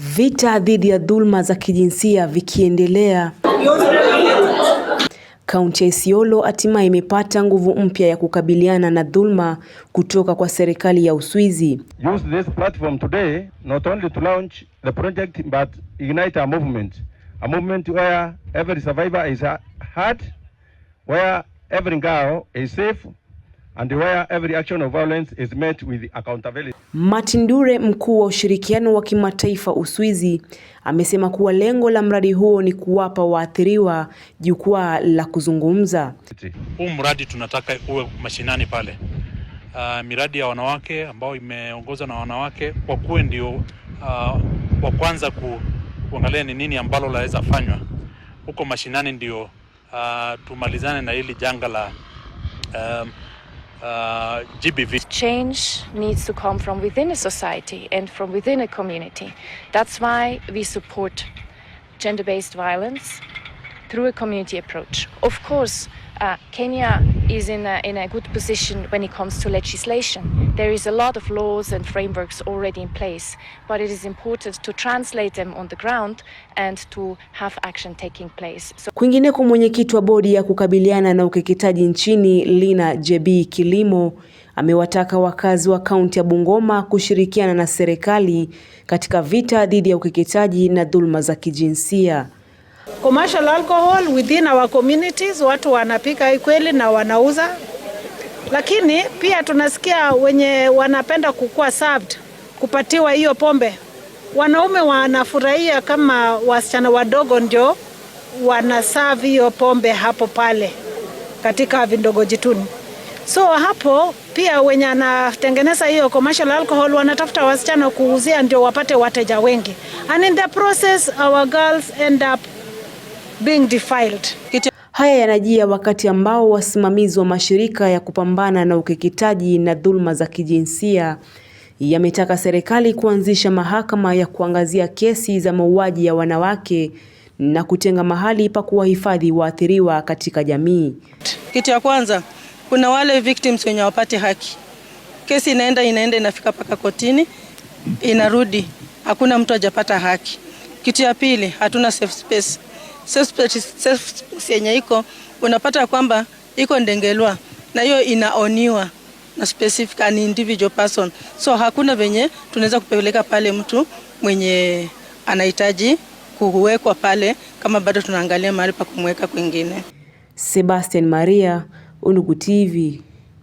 Vita dhidi ya dhulma za kijinsia vikiendelea, kaunti ya Isiolo hatimaye imepata nguvu mpya ya kukabiliana na dhulma kutoka kwa serikali ya Uswizi. Use this platform today not only to launch the project but ignite a movement. A movement where every survivor is heard, where every girl is safe and where every action of violence is met with accountability. Martin Dure, mkuu wa ushirikiano wa kimataifa Uswizi, amesema kuwa lengo la mradi huo ni kuwapa waathiriwa jukwaa la kuzungumza. Huu mradi tunataka uwe mashinani pale. Uh, miradi ya wanawake ambayo imeongozwa na wanawake kwa kuwe ndio uh, wa kwanza ku, kuangalia ni nini ambalo laweza fanywa huko mashinani ndio uh, tumalizane na hili janga la um, uh, GBV. Change needs to come from within a society and from within a community. That's why we support gender based violence through a community approach. Of course, uh, Kenya is in a, in a good position when it comes to legislation. There is a lot of laws and frameworks already in place, but it is important to translate them on the ground and to have action taking place. So... Kwingineko, mwenyekiti wa bodi ya kukabiliana na ukeketaji nchini Lina JB Kilimo amewataka wakazi wa kaunti ya Bungoma kushirikiana na serikali katika vita dhidi ya ukeketaji na dhuluma za kijinsia commercial alcohol within our communities, watu wanapika hii kweli na wanauza, lakini pia tunasikia wenye wanapenda kukua served kupatiwa hiyo pombe, wanaume wanafurahia kama wasichana wadogo ndio wanasave hiyo pombe hapo pale katika jituni So hapo pia wenye anatengeneza hiyo commercial alcohol wanatafuta wasichana kuuzia ndio wapate wateja wengi, and in the process our girls end up being defiled. Haya yanajia wakati ambao wasimamizi wa mashirika ya kupambana na ukeketaji na dhuluma za kijinsia yametaka serikali kuanzisha mahakama ya kuangazia kesi za mauaji ya wanawake na kutenga mahali pa kuwahifadhi waathiriwa katika jamii. Kitu ya kwanza, kuna wale victims wenye wapate haki. Kesi inaenda inaenda inafika mpaka kotini, inarudi, hakuna mtu hajapata haki. Kitu ya pili, hatuna safe space yenye iko unapata kwamba iko Ndengelwa na hiyo inaoniwa na specific an individual person, so hakuna venye tunaweza kupeleka pale mtu mwenye anahitaji kuwekwa pale kama bado tunaangalia mahali pa kumweka kwingine. Sebastian Maria, Undugu TV.